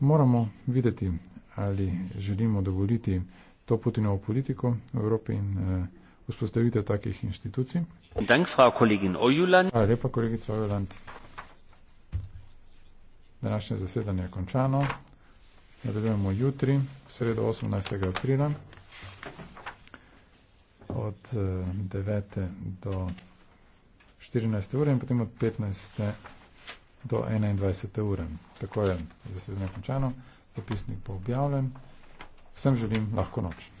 moramo videti, ali želimo dovoliti to Putinovo politiko v Evropi in eh, vzpostavitev takih inštitucij. Dank, Hvala lepa, kolegica Ojuland. Današnje zasedanje je končano. Nadaljujemo jutri, v sredo 18. aprila od 9. Eh, do 14. ure in potem od 15 do 21. ure. Tako je zasedanje končano, zapisnik pa objavljen. Vsem želim lahko noč.